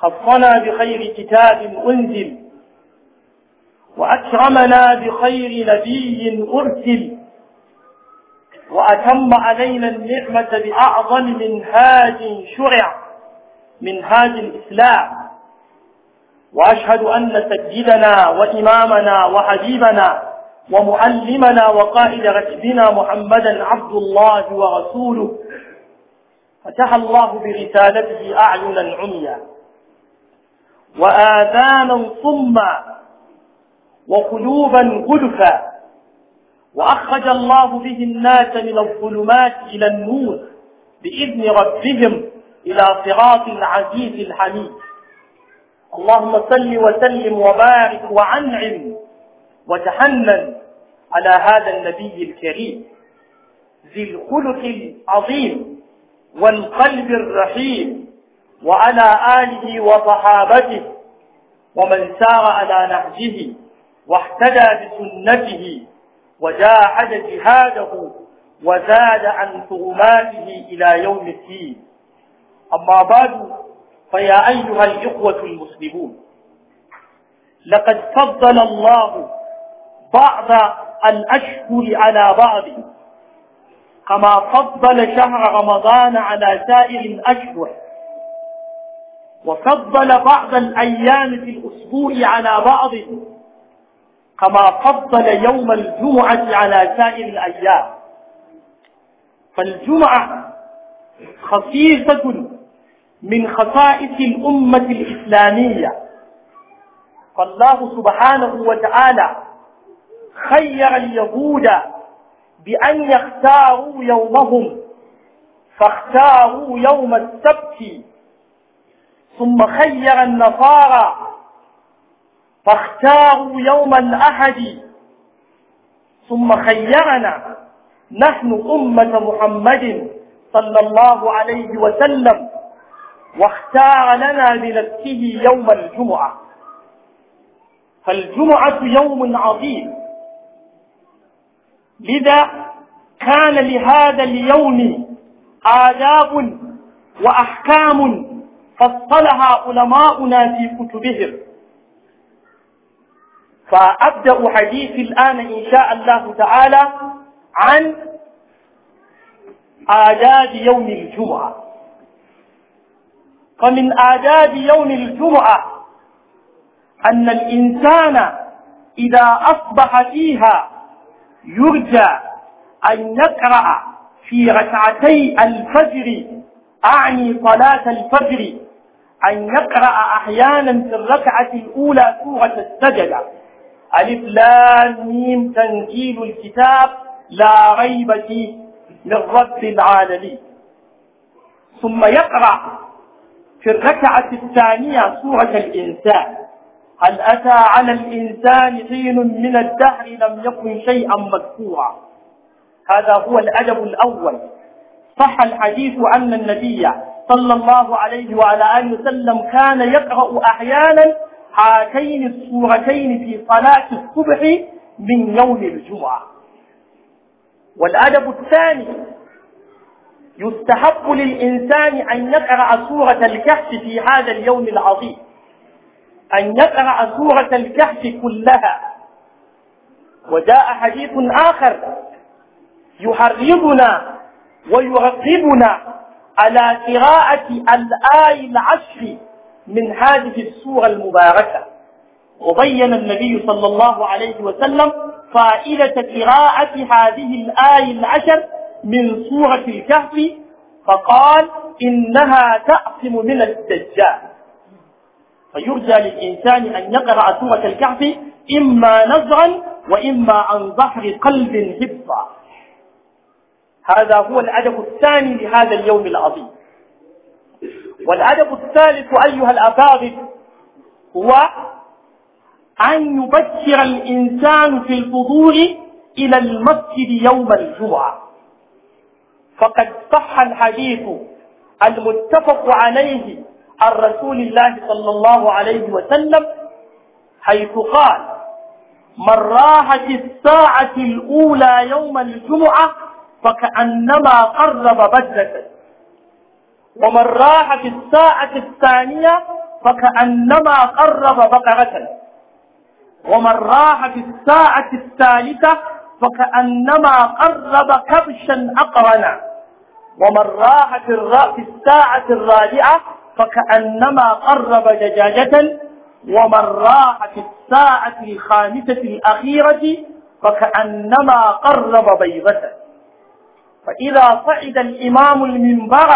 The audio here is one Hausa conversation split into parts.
خصنا بخير كتاب أنزل وأكرمنا بخير نبي أرسل وأتم علينا النعمة بأعظم منهاج شرع منهاج الإسلام وأشهد أن سيدنا وإمامنا وحبيبنا ومعلمنا وقائد ركبنا محمدا عبد الله ورسوله فتح الله برسالته أعينا عميا وآذانا صما وقلوبا غلفا وأخرج الله به الناس من الظلمات إلى النور بإذن ربهم إلى صراط العزيز الحميد اللهم صل وسلم وبارك وعنعم وتحنن على هذا النبي الكريم ذي الخلق العظيم والقلب الرحيم وعلى آله وصحابته ومن سار على نهجه واحتدى بسنته وجاعد جهاده وزاد عن ثغماته إلى يوم الدين أما بعد فيا أيها الإخوة المسلمون لقد فضل الله بعض الأشهر على بعض كما فضل شهر رمضان على سائر الأشهر وفضل بعض الأيام في الأسبوع على بعض كما فضل يوم الجمعة على سائر الأيام فالجمعة خصيصة من خصائص الأمة الإسلامية فالله سبحانه وتعالى خير اليهود بأن يختاروا يومهم فاختاروا يوم السبت ثم خير النصارى فاختاروا يوم الأحد ثم خيرنا نحن أمة محمد صلى الله عليه وسلم واختار لنا بنفسه يوم الجمعة فالجمعة يوم عظيم لذا كان لهذا اليوم آداب وأحكام فصلها علماؤنا في كتبهم فأبدأ حديثي الآن إن شاء الله تعالى عن آداب يوم الجمعة فمن آداب يوم الجمعة أن الإنسان إذا أصبح فيها يرجى أن يقرأ في ركعتي الفجر أعني صلاة الفجر أن يقرأ أحيانا في الركعة الأولى سورة السجدة ألف لام ميم تنزيل الكتاب لا ريب فيه من رب العالمين ثم يقرأ في الركعة الثانية سورة الإنسان هل أتى على الإنسان حين من الدهر لم يكن شيئا مذكورا هذا هو الأدب الأول صح الحديث أن النبي صلى الله عليه وعلى آله وسلم كان يقرأ أحيانا هاتين السورتين في صلاة الصبح من يوم الجمعة والأدب الثاني يستحق للإنسان أن يقرأ سورة الكهف في هذا اليوم العظيم أن يقرأ سورة الكهف كلها وجاء حديث آخر يحرضنا ويرغبنا على قراءة الآي العشر من هذه السورة المباركة وبين النبي صلى الله عليه وسلم فائدة قراءة هذه الآية العشر من سورة الكهف فقال إنها تعصم من الدجال فيرجى للإنسان أن يقرأ سورة الكهف إما نزرا وإما عن ظهر قلب حفظا هذا هو الأدب الثاني لهذا اليوم العظيم والأدب الثالث أيها الأفاضل هو أن يبكر الإنسان في الفضول إلى المسجد يوم الجمعة فقد صح الحديث المتفق عليه عن رسول الله صلى الله عليه وسلم حيث قال من راحت الساعة الأولى يوم الجمعة فكأنما قرب بدلة ومن راح في الساعة الثانية فكأنما قرب بقرة ومن راح في الساعة الثالثة فكأنما قرب كبشا أقرنا ومن راح في الساعة الرابعة فكأنما قرب دجاجة ومن راح في الساعة الخامسة الأخيرة فكأنما قرب بيضة فإذا صعد الإمام المنبر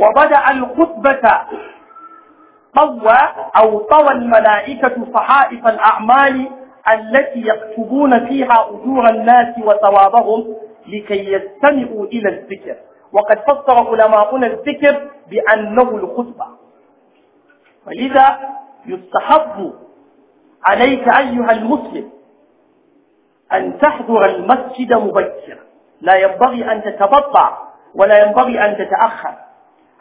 وبدأ الخطبة طوى أو طوى الملائكة صحائف الأعمال التي يكتبون فيها أجور الناس وثوابهم لكي يستمعوا إلى الذكر وقد فسر علماؤنا الذكر بأنه الخطبة فلذا يستحب عليك أيها المسلم أن تحضر المسجد مبكرا لا ينبغي أن تتبطع ولا ينبغي أن تتأخر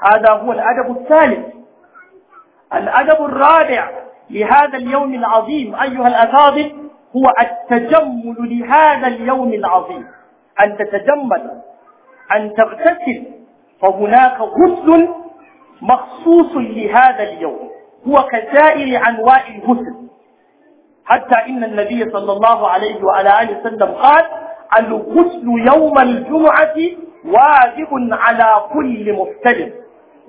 هذا هو الأدب الثالث الأدب الرابع لهذا اليوم العظيم أيها الأفاضل هو التجمل لهذا اليوم العظيم أن تتجمل أن تغتسل فهناك غسل مخصوص لهذا اليوم هو كسائر أنواع الغسل حتى إن النبي صلى الله عليه وعلى آله وسلم قال الغسل يوم الجمعة واجب على كل مختلف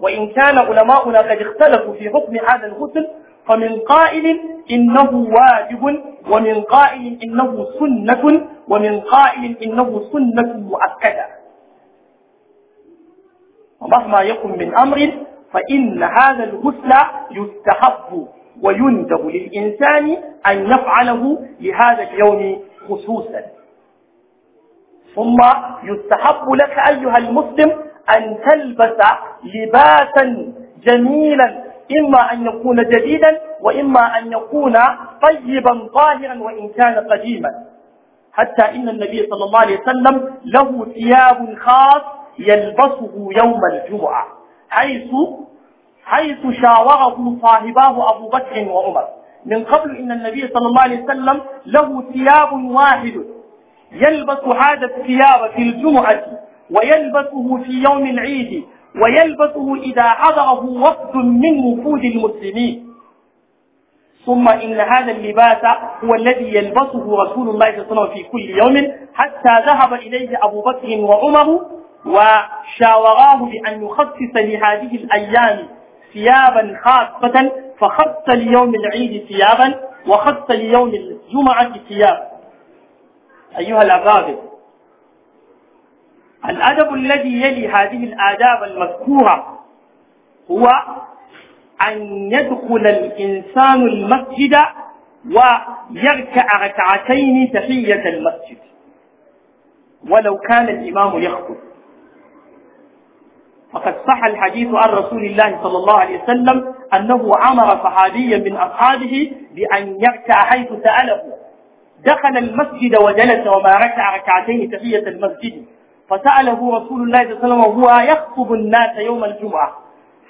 وإن كان علماؤنا قد اختلفوا في حكم هذا الغسل فمن قائل إنه واجب ومن قائل إنه سنة ومن قائل إنه سنة مؤكدة ومهما يكن من أمر فإن هذا الغسل يستحب ويندب للإنسان أن يفعله لهذا اليوم خصوصا ثم يستحب لك أيها المسلم أن تلبس لباسا جميلا إما أن يكون جديدا وإما أن يكون طيبا طاهرا وإن كان قديما حتى إن النبي صلى الله عليه وسلم له ثياب خاص يلبسه يوم الجمعة حيث حيث شاوره صاحباه أبو بكر وعمر من قبل إن النبي صلى الله عليه وسلم له ثياب واحد يلبس هذا الثياب في الجمعة ويلبسه في يوم العيد ويلبسه إذا حضره وفد من وفود المسلمين ثم إن هذا اللباس هو الذي يلبسه رسول الله صلى الله عليه وسلم في كل يوم حتى ذهب إليه أبو بكر وعمر وشاوراه بأن يخصص لهذه الأيام ثيابا خاصة فخص ليوم العيد ثيابا وخص ليوم الجمعة ثيابا أيها الأفاضل الأدب الذي يلي هذه الآداب المذكورة هو أن يدخل الإنسان المسجد ويركع ركعتين تحية المسجد ولو كان الإمام يخطب فقد صح الحديث عن رسول الله صلى الله عليه وسلم أنه أمر صحابيا من أصحابه بأن يركع حيث سأله دخل المسجد وجلس وما ركع ركعتين تحية المسجد فسأله رسول الله صلى الله عليه وسلم وهو يخطب الناس يوم الجمعة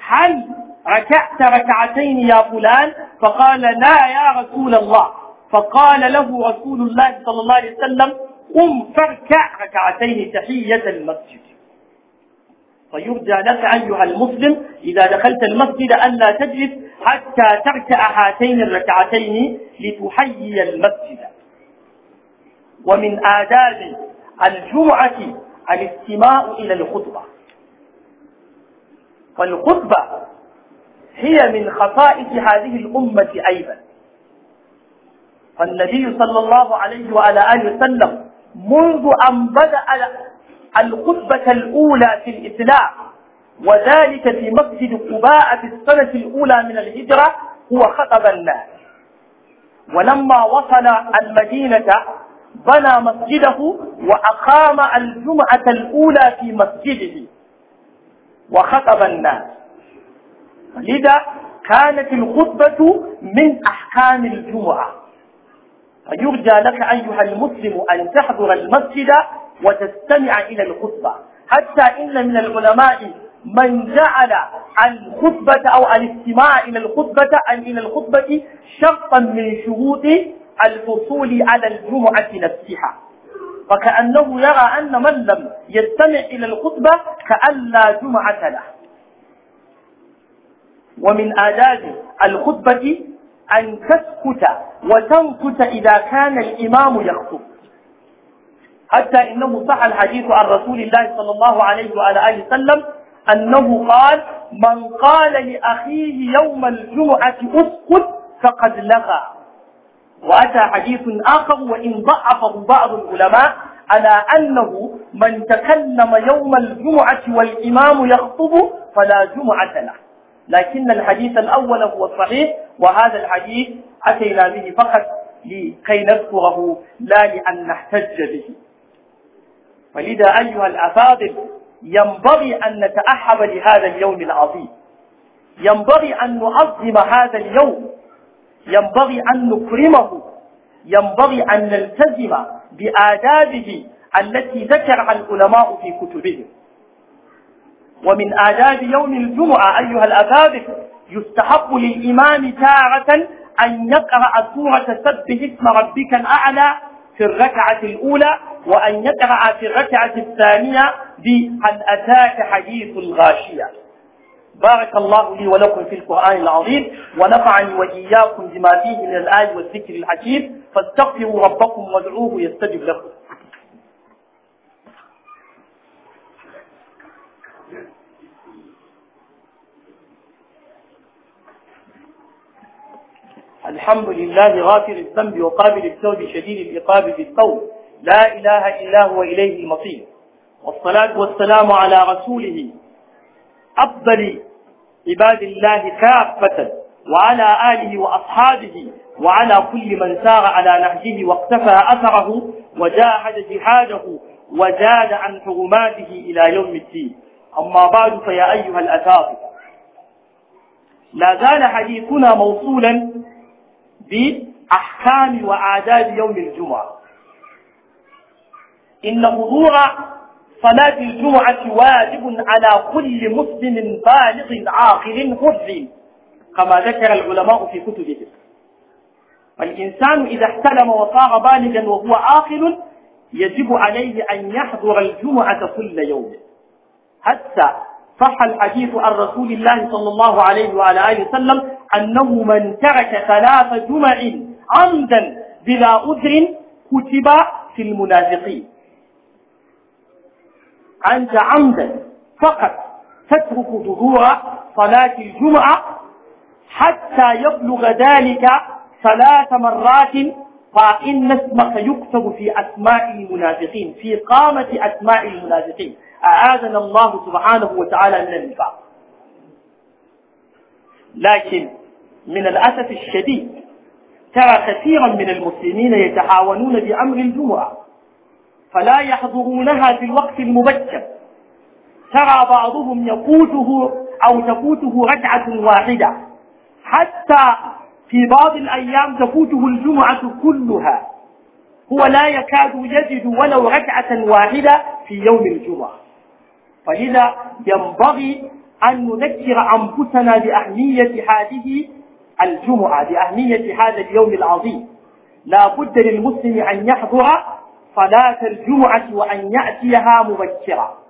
هل ركعت ركعتين يا فلان فقال لا يا رسول الله فقال له رسول الله صلى الله عليه وسلم قم فاركع ركعتين تحية المسجد فيرجى لك أيها المسلم إذا دخلت المسجد ألا تجلس حتى تركع هاتين الركعتين لتحيي المسجد ومن آداب الجمعة الاستماع إلى الخطبة فالخطبة هي من خصائص هذه الأمة أيضا فالنبي صلى الله عليه وعلى آله وسلم منذ أن بدأ الخطبة الأولى في الإسلام وذلك في مسجد قباء في السنة الأولى من الهجرة هو خطب الناس ولما وصل المدينة بنى مسجده وأقام الجمعة الأولى في مسجده وخطب الناس لذا كانت الخطبة من أحكام الجمعة فيرجى لك أيها المسلم أن تحضر المسجد وتستمع إلى الخطبة حتى إن من العلماء من جعل الخطبة أو الاستماع إلى الخطبة أن إلى الخطبة شرطا من شروط الوصول على الجمعة نفسها فكأنه يرى أن من لم يستمع إلى الخطبة كأن لا جمعة له ومن آداب الخطبة أن تسكت وتنكت إذا كان الإمام يخطب حتى إنه صح الحديث عن رسول الله صلى الله عليه وعلى آله وسلم أنه قال من قال لأخيه يوم الجمعة أسكت فقد لغى وأتى حديث آخر وإن ضعفه بعض العلماء على أنه من تكلم يوم الجمعة والإمام يخطب فلا جمعة له لكن الحديث الأول هو الصحيح وهذا الحديث أتينا به فقط لكي نذكره لا لأن نحتج به فلذا أيها الأفاضل ينبغي أن نتأحب لهذا اليوم العظيم ينبغي أن نعظم هذا اليوم ينبغي أن نكرمه ينبغي أن نلتزم بآدابه التي ذكرها العلماء في كتبهم ومن آداب يوم الجمعة أيها الأكابر يستحق للإمام تارة أن يقرأ سورة سبه اسم ربك الأعلى في الركعة الأولى وأن يقرأ في الركعة الثانية بأن أتاك حديث الغاشية بارك الله لي ولكم في القرآن العظيم ونفعني وإياكم بما فيه من الآي والذكر الحكيم فاستغفروا ربكم وادعوه يستجب لكم الحمد لله غافر الذنب وقابل التوب شديد العقاب بالتوب لا إله إلا هو إليه المصير والصلاة والسلام على رسوله أفضل عباد الله كافة وعلى آله وأصحابه وعلى كل من سار على نهجه واقتفى أثره وجاهد جهاده وزاد عن حرماته إلى يوم الدين أما بعد فيا أيها الأساتذة لا زال حديثنا موصولا بأحكام وآداب يوم الجمعة إن حضور صلاة الجمعة واجب على كل مسلم بالغ عاقل حر كما ذكر العلماء في كتبهم فالإنسان إذا احتلم وصار بالغا وهو عاقل يجب عليه أن يحضر الجمعة كل يوم حتى صح الحديث عن رسول الله صلى الله عليه وعلى آله وسلم أنه من ترك ثلاث جمع عمدا بلا أذر كتب في المنافقين أنت عمدا فقط تترك حضور صلاة الجمعة حتى يبلغ ذلك ثلاث مرات فإن اسمك يكتب في أسماء المنافقين في قامة أسماء المنافقين أعاذنا الله سبحانه وتعالى من النفاق لكن من الأسف الشديد ترى كثيرا من المسلمين يتعاونون بأمر الجمعة فلا يحضرونها في الوقت المبكر ترى بعضهم يفوته أو تفوته ركعة واحدة حتى في بعض الأيام تفوته الجمعة كلها هو لا يكاد يجد ولو ركعة واحدة في يوم الجمعة فلذا ينبغي أن نذكر أنفسنا بأهمية هذه الجمعة بأهمية هذا اليوم العظيم لا بد للمسلم أن يحضر صلاة الجمعة وأن يأتيها مبكرا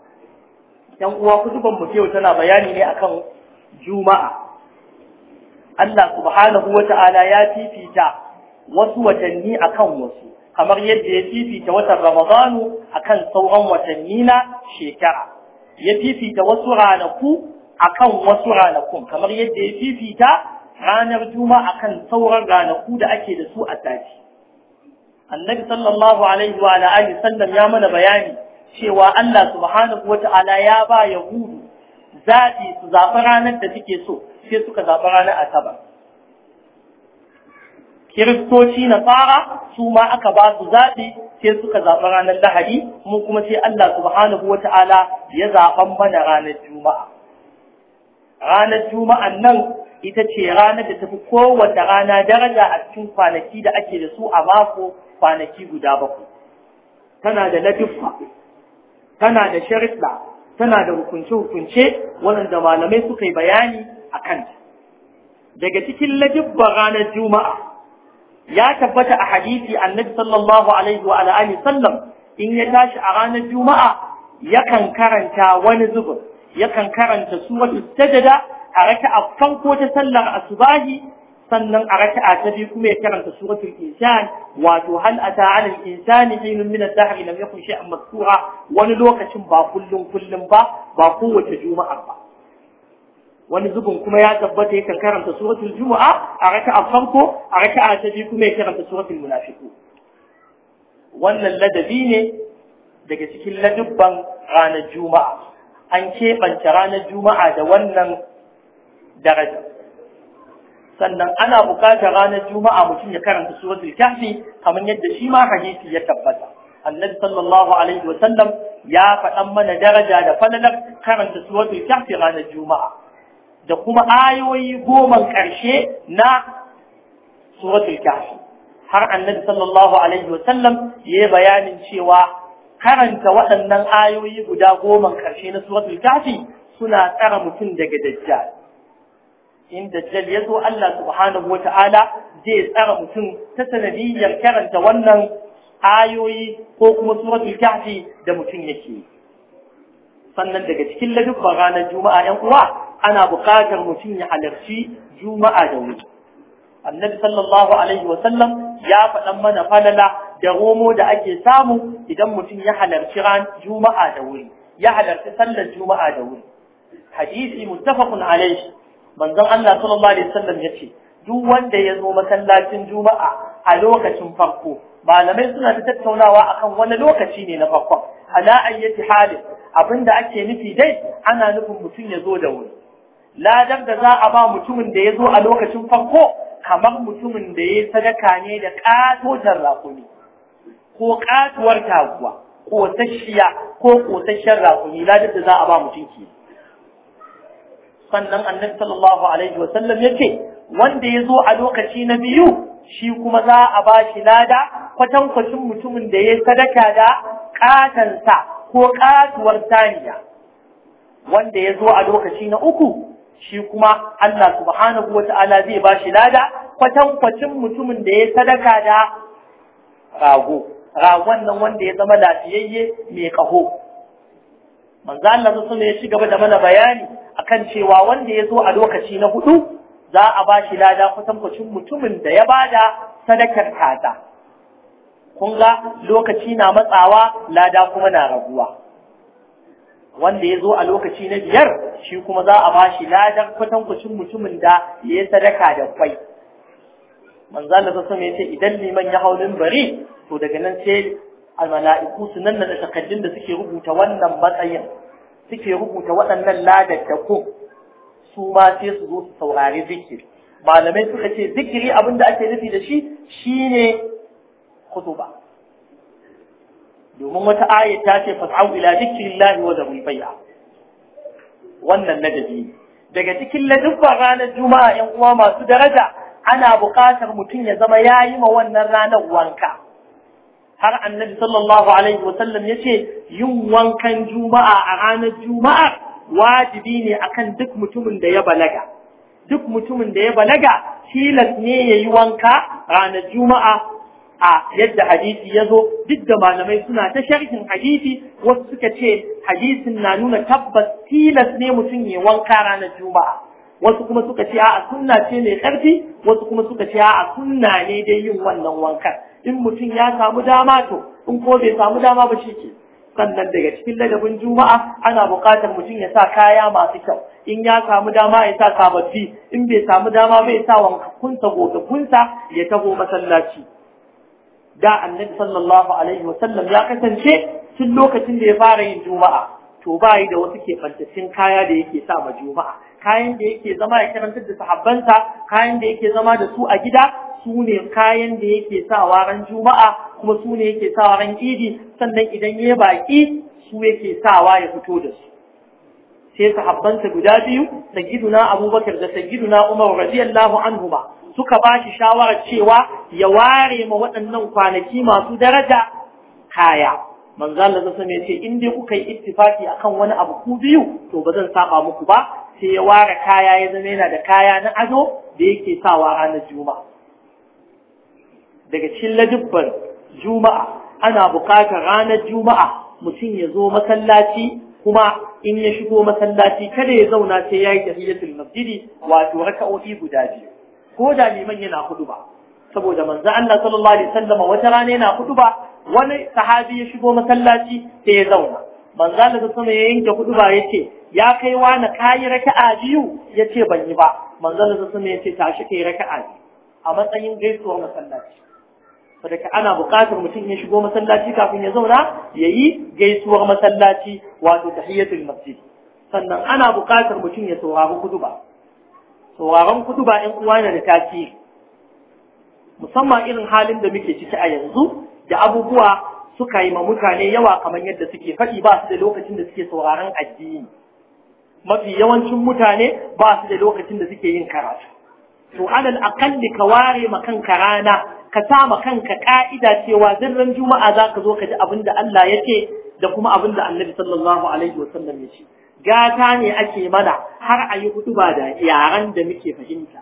yan uwa kutuban mu yau tana bayani ne akan juma'a Allah subhanahu wata'ala ya fifita wasu watanni akan wasu kamar yadda ya fifita watan Ramadanu akan sauran watanni na shekara ya fifita wasu ranaku akan wasu ranakun kamar yadda ya fifita ranar juma'a akan sauran ranaku da ake da su a sati annabi sallallahu alaihi wa alihi sallam ya mana bayani cewa Allah subhanahu wata'ala ya ba yahudu zabi su zaɓi ranar da suke so sai suka zaɓi ranar asabar kiristoci na fara su ma aka ba su zaɓi sai suka zaɓi ranar lahadi mu kuma sai Allah subhanahu wata'ala ya zaɓan mana ranar juma'a ranar juma'an nan ita ce ranar da tafi kowace rana daraja a cikin kwanaki da ake da su a mako kwanaki guda bakwai tana da laduffa tana da sharifla tana da hukunce-hukunce waɗanda malamai suka yi bayani a kanta daga cikin ladubba ranar juma'a ya tabbata a hadisi annabi sallallahu alaihi wa alihi sallam in ya tashi a ranar juma'a yakan karanta wani zubin yakan karanta suratul tajada a raka'a farko ta sallar asubahi sannan a raka'a ta biyu kuma ya karanta suratul insan wato hal ata ala al insani hinun min ad dahr lam yakun shay'an mazkura wani lokacin ba kullun kullun ba ba kowace juma'a ba wani zubin kuma ya tabbata yakan karanta suratul juma'a a raka'a farko a raka'a ta biyu kuma ya karanta suratul munafiqun wannan ladabi ne daga cikin ladubban ranar juma'a an keɓance ranar juma'a da wannan daraja sannan ana bukatar ranar juma'a mutum ya karanta suratul kahfi kamar yadda shi ma hadisi ya tabbata annabi sallallahu alaihi wa sallam ya faɗan mana daraja da falalar karanta suratul kahfi ranar juma'a da kuma ayoyi goma ƙarshe na suratul kahfi har annabi sallallahu alaihi wa sallam ya bayanin cewa karanta waɗannan ayoyi guda goma ƙarshe na suratul kahfi suna tsara mutum daga dajjal in dajjal ya zo Allah subhanahu wata'ala zai tsara mutum ta sanadiyyar karanta wannan ayoyi ko kuma suratul kahfi da mutum yake sannan daga cikin ladubban ranar juma'a yan uwa ana buƙatar mutum ya halarci juma'a da wuri annabi sallallahu alaihi wa sallam ya faɗan mana falala da romo da ake samu idan mutum ya halarci ran juma'a da wuri ya halarci sallar juma'a da wuri hadisi muttafaqun alaihi manzon Allah sallallahu alaihi wasallam yace duk wanda ya zo masallacin juma'a a lokacin farko malamai suna ta tattaunawa akan wani lokaci ne na farko ala ayyati hali abinda ake nufi dai ana nufin mutum ya zo da wuri ladar da za a ba mutumin da ya zo a lokacin farko kamar mutumin da ya sadaka ne da katotar rakumi ko katuwar taguwa ko tashiya ko kotashen rakumi ladar da za a ba mutum sannan annabi sallallahu alaihi wa sallam yace wanda ya zo a lokaci na biyu shi kuma za a ba shi lada kwatankwacin mutumin da ya sadaka da katansa ko katuwar saniya wanda ya zo a lokaci na uku shi kuma Allah subhanahu wa ta'ala zai ba shi lada kwatankwacin mutumin da ya sadaka da rago ragon nan wanda ya zama lafiyayye mai kaho manzo Allah sallam ya ci gaba da mana bayani akan cewa wanda ya zo a lokaci na hudu za a ba shi lada kwatankwacin mutumin da ya bada sadakar kaza kun ga lokaci na matsawa lada kuma na raguwa wanda ya zo a lokaci na biyar shi kuma za a ba shi ladan kwatankwacin mutumin da ya yi sadaka da kwai manzan da sassan ya ce idan liman ya hau bari to daga nan sai almala'iku su nan da takaddun da suke rubuta wannan matsayin suke rubuta waɗannan ladaddaku su ma sai su zo su saurari zikiri malamai suka ce zikiri abin da ake nufi da shi shine kutuba domin wata aya ta ce fas'au ila zikrillahi wa dhabul bai'a wannan ladabi daga cikin ladubban ranar juma'a yan uwa masu daraja ana buƙatar mutum ya zama yayi ma wannan ranar wanka har annabi sallallahu alaihi wasallam ya ce yin wankan juma'a a ranar juma'a wajibi ne akan duk mutumin da ya balaga duk mutumin da ya balaga tilas ne ya yi wanka ranar juma'a a yadda hadisi ya zo duk da malamai suna ta sharhin hadisi wasu suka ce hadisin na nuna tabbas tilas ne mutum ya wanka ranar juma'a wasu kuma suka ce a'a sunna ce mai ƙarfi, wasu kuma suka ce a'a sunna ne dai yin wannan wankan in mutum ya samu dama to in ko bai samu dama ba shi ke sannan daga cikin ladabin juma'a ana buƙatar mutum ya sa kaya masu kyau in ya samu dama ya sa sababbi in bai samu dama bai sa wankunsa gogakunsa ya taho masallaci da annabi sallallahu alaihi wa sallam ya kasance tun lokacin da ya fara yin juma'a to ba da wasu ke keɓantattun kaya da yake sa ma juma'a kayan da yake zama ya karantar da sahabbansa kayan da yake zama da su a gida su ne kayan da yake sawa ran juma'a kuma su ne yake sawa ran idi sannan idan ya baki su yake sawa ya fito da su sai sahabbansa guda biyu sayyiduna abubakar da sayyiduna umar radiyallahu anhuma suka ba shi shawarar cewa ya ware ma waɗannan kwanaki masu daraja kaya manzo Allah zai ce in dai kuka yi ittifaki akan wani abu ku biyu to ba zan saba muku ba sai ya ware kaya ya zama yana da kaya na ado da yake sawa ranar juma'a daga cikin ladubban juma'a ana bukatar ranar juma'a mutum ya zo masallaci kuma in ya shigo masallaci kada ya zauna sai ya yi tahiyatul masjidi wato raka'o'i guda biyu ko da liman yana kudu ba saboda manzo Allah sallallahu alaihi wasallam wata rana yana kudu ba wani sahabi ya shigo masallaci sai ya zauna manzo da sama ya yanke kudu ba yace ya kai wa na kai raka'a biyu yace ban yi ba manzo Allah sallallahu yace tashi kai raka'a a matsayin gaisuwar masallaci saboda ana buƙatar mutum ya shigo masallaci kafin ya zauna yayi gaisuwar masallaci wato tahiyatul masjid sannan ana buƙatar mutum ya saurari kuduba, sauraron kuduba in uwa ne da tasiri musamman irin halin da muke ciki a yanzu da abubuwa suka yi ma mutane yawa kamar yadda suke faɗi ba su da lokacin da suke sauraron addini mafi yawancin mutane ba su da lokacin da suke yin karatu to alal akalli ka ware ma kanka rana ka sa ma kanka ka'ida cewa zirran juma'a za ka zo ka ji abin da Allah ya ce da kuma abin da annabi sallallahu alaihi wa sallam ya ce gata ne ake mana har a yi hudu ba da yaran da muke fahimta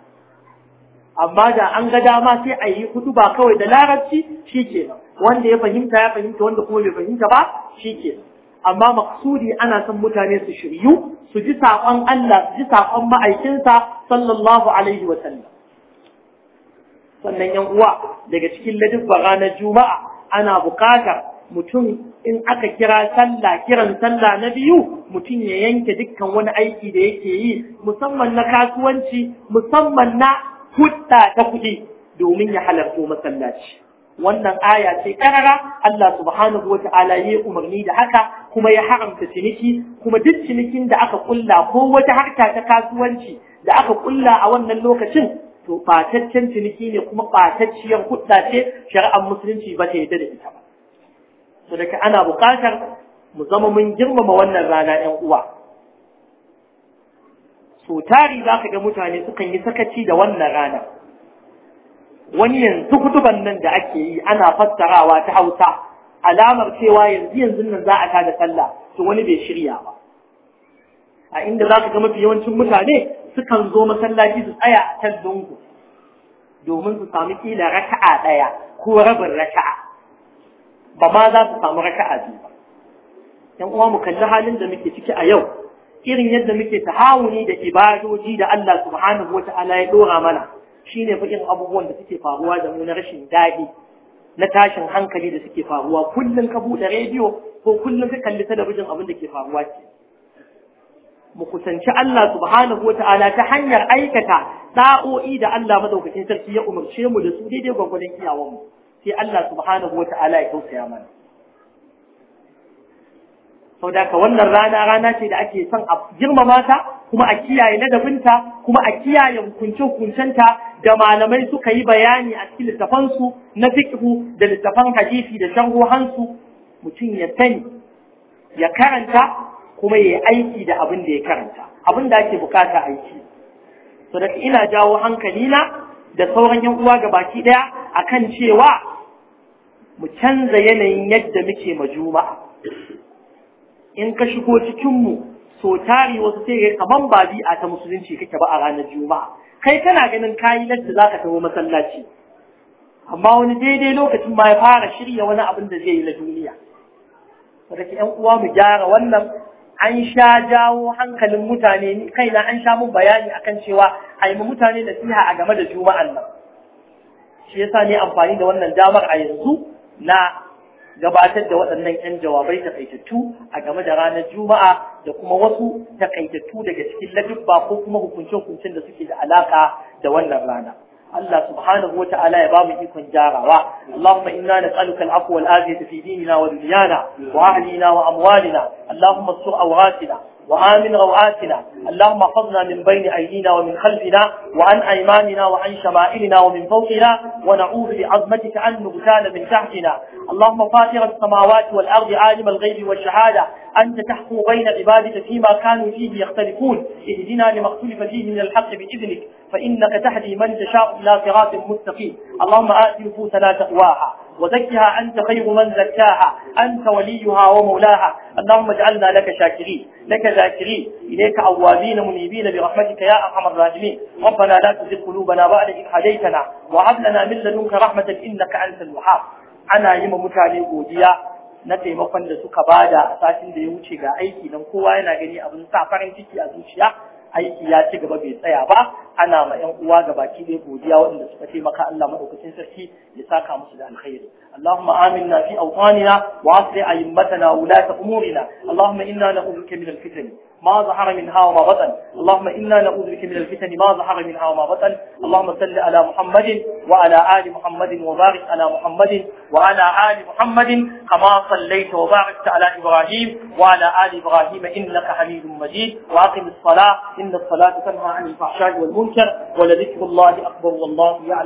amma da an ga dama sai a yi hudu ba kawai da larabci shi ke wanda ya fahimta ya fahimta wanda kuma bai fahimta ba shi ke amma maksudi ana son mutane su shiryu su ji saƙon Allah su ji saƙon ma'aikinsa sallallahu alaihi wa sallam sannan yan uwa daga cikin ladubba ranar juma'a ana buƙatar mutum in aka kira sallah kiran sallah na biyu mutum ya yanke dukkan wani aiki da yake yi musamman na kasuwanci musamman na hudda ta kuɗi domin ya halarto masallaci wannan aya ce ƙarara. Allah subhanahu wata'ala ya umarni da haka kuma ya haramta ciniki kuma duk cinikin da aka kulla ko wata harka ta kasuwanci da aka kulla a wannan lokacin to bataccen ciniki ne kuma batacciyar hudda ce shari'ar musulunci ba ta yadda da ita ba to daga ana buƙatar mu zama mun girmama wannan rana 'yan uwa to tari za ka ga mutane sukan yi sakaci da wannan rana wani yanzu kutuban nan da ake yi ana fassarawa ta hausa alamar cewa yanzu yanzu nan za a tada sallah to wani bai shirya ba a inda za ka ga mafi yawancin mutane sukan zo masallaci su tsaya a can dungu domin su samu kila raka'a ɗaya ko rabin raka'a ba ma za su samu raka'a biyu ba Ƴan uwa mu kalli halin da muke ciki a yau irin yadda muke tahawuni da ibadoji da Allah subhanahu wa ta'ala ya dora mana shine fa abubuwan da suke faruwa da mu na rashin daɗi na tashin hankali da suke faruwa kullum ka buɗe rediyo ko kullum ka kalli talabijin abin da ke faruwa ce mu kusanci Allah subhanahu wa ta'ala ta hanyar aikata da'o'i da Allah madaukakin sarki ya umarce mu da su daidai gwagwadon iyawan mu sai Allah subhanahu wa ta'ala ya tausaya mana sau da wannan rana rana ce da ake son a girmama ta kuma a kiyaye ladabinta kuma a kiyaye hukunce-hukuncenta da malamai suka yi bayani a cikin littafansu na fikihu da littafan hadisi da hansu mutum ya sani ya karanta kuma ya yi aiki da abin da ya karanta abin da ake bukata aiki so da ina jawo hankali na da sauran yan uwa ga baki daya akan cewa mu canza yanayin yadda muke ma juma'a in ka shigo cikinmu so tari wasu sai ga kaman ba a ta musulunci kake ba a ranar juma'a kai kana ganin kayi lacce za ka taho masallaci amma wani daidai lokacin ma ya fara shirya wani abin da zai yi na duniya wadda ‘yan uwa mu gyara wannan an sha jawo hankalin mutane ni kaina an sha mun bayani akan cewa a yi mutane da siha a game da juma'an nan shi yasa ne amfani da wannan damar a yanzu na gabatar da waɗannan 'yan jawabai takaitattu a game da ranar juma'a da kuma wasu takaitattu daga cikin ladubba ko kuma hukunce-hukuncen da suke da alaka da wannan rana Allah subhanahu wata'ala ya ba mu ikon jarawa Allahumma inna na al-afwa wal fi dinina wa duniyana wa ahlina wa amwalina Allahumma sur awratina وآمن روعاتنا اللهم احفظنا من بين أيدينا ومن خلفنا وعن أيماننا وعن شمائلنا ومن فوقنا ونعوذ بعظمتك أن نغتال من تحتنا اللهم فاطر السماوات والأرض عالم الغيب والشهادة أنت تحكم بين عبادك فيما كانوا فيه يختلفون اهدنا لما اختلف فيه من الحق بإذنك فإنك تهدي من تشاء إلى صراط مستقيم اللهم آت نفوسنا تقواها وزكها أنت خير من زكاها أنت وليها ومولاها اللهم اجعلنا لك شاكرين لك ذاكرين إليك أوابين منيبين برحمتك يا أرحم الراحمين ربنا لا تزغ قلوبنا بعد إذ هديتنا وهب لنا من لدنك رحمة إنك أنت الوهاب أنا يم متالي godiya na taimakon da suka bada a satin da ya wuce ga aiki don kowa yana gani abin sa farin ciki a zuciya aiki ya ci gaba bai tsaya ba ana ma ƴan uwa ga baki ɗaya godiya waɗanda suka taimaka Allah madaukakin sarki ya saka musu da alkhairi اللهم آمنا في أوطاننا وأصلح أئمتنا ولاة أمورنا اللهم إنا نعوذ بك من الفتن ما ظهر منها وما بطن اللهم إنا نعوذ بك من الفتن ما ظهر منها وما بطن اللهم صل على محمد وعلى آل محمد وبارك على محمد وعلى آل محمد كما صليت وباركت على إبراهيم وعلى آل إبراهيم إنك حميد مجيد وأقم الصلاة إن الصلاة تنهى عن الفحشاء والمنكر ولذكر الله أكبر والله يعلم